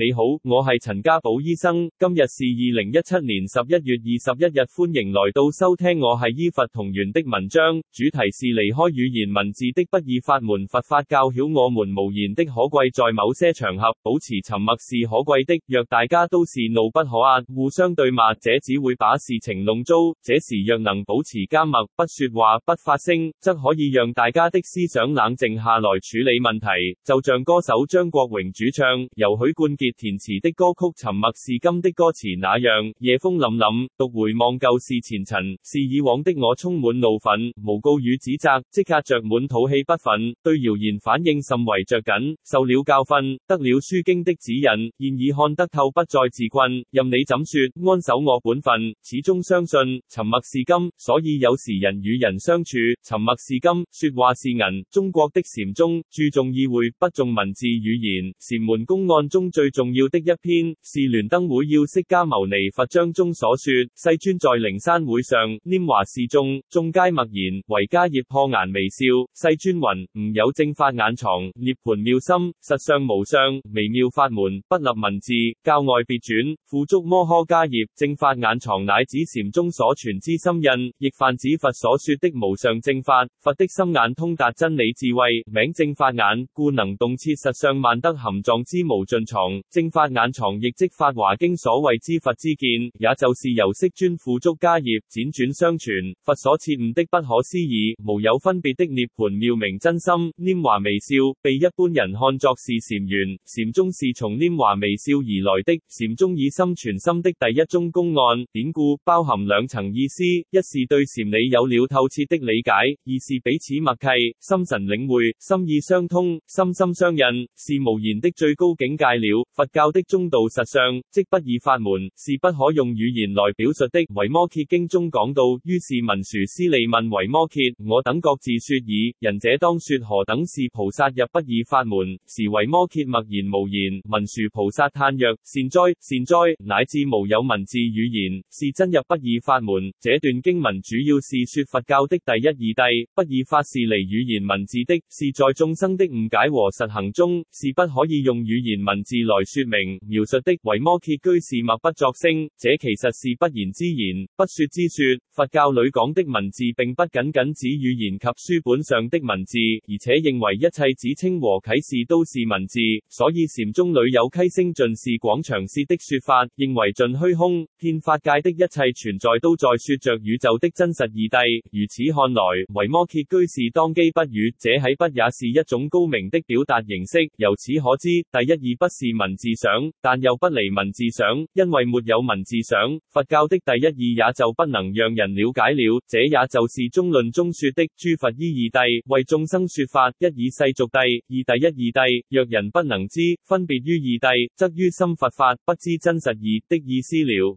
你好，我係陳家寶醫生。今日是二零一七年十一月二十一日，歡迎來到收聽我係醫佛同源的文章。主題是離開語言文字的不二法門。佛法教曉我們無言的可貴，在某些場合保持沉默是可貴的。若大家都是怒不可遏，互相對罵，這只會把事情弄糟。這時若能保持緘默，不說話，不發聲，則可以讓大家的思想冷靜下來處理問題。就像歌手張國榮主唱，由許冠傑。填詞的歌曲《沉默是金》的歌詞那樣，夜風凜凜，獨回望舊事前塵，是以往的我充滿怒憤、誣告與指責，即刻着滿土氣不忿，對謠言反應甚為着緊。受了教訓，得了《書經》的指引，現已看得透，不再自困。任你怎說，安守我本分，始終相信沉默是金。所以有時人與人相處，沉默是金，說話是銀。中國的禪宗注重意會，不重文字語言。禪門公案中最重要的一篇是《聯燈會要釋迦牟尼佛章》中所說，世尊在靈山會上拈華示眾，眾皆默然：「唯迦葉破顏微笑。世尊云：吾有正法眼藏，涅盤妙心，實相無相，微妙法門，不立文字，教外別傳，付囑摩訶迦葉。正法眼藏乃指禪宗所傳之心印，亦泛指佛所說的無上正法。佛的心眼通達真理智慧，名正法眼，故能洞徹實相萬德含藏之無盡藏。正法眼藏亦即法華經所謂之佛之見，也就是由釋尊付囑家業輾轉相傳，佛所徹悟的不可思議、無有分別的涅盤妙明真心拈華微笑，被一般人看作是禪源。禪宗是從拈華微笑而來的，禪宗以心傳心的第一宗公案典故，包含兩層意思：一是對禪理有了透徹的理解；二是彼此默契，心神領會，心意相通，心心相印，是無言的最高境界了。佛教的中道實相，即不二法門，是不可用語言來表述的。維摩詰經中講到，於是文殊師利問維摩詰：我等各自說以。」仁者當說何等是菩薩入不二法門？是維摩詰默然無言。文殊菩薩嘆曰：善哉，善哉，乃至無有文字語言，是真入不二法門。這段經文主要是說佛教的第一義諦，不二法是離語言文字的，是在眾生的誤解和實行中，是不可以用語言文字來。來說明描述的，維摩詰居士默不作聲，這其實是不言之言，不說之說。佛教裏講的文字，並不僅僅指語言及書本上的文字，而且認為一切指稱和啟示都是文字。所以禪宗裏有溪聲盡是廣長舌的說法，認為盡虛空遍法界的一切存在都在說着宇宙的真實義諦。如此看來，維摩詰居士當機不語，這豈不也是一種高明的表達形式？由此可知，第一義不是文。文字想，但又不離文字想，因為沒有文字想，佛教的第一義也就不能讓人了解了。這也就是中論中說的諸佛依二帝」，為眾生說法，一以世俗諦，二第一義帝。若人不能知分別於二帝，則於心佛法不知真實義的意思了。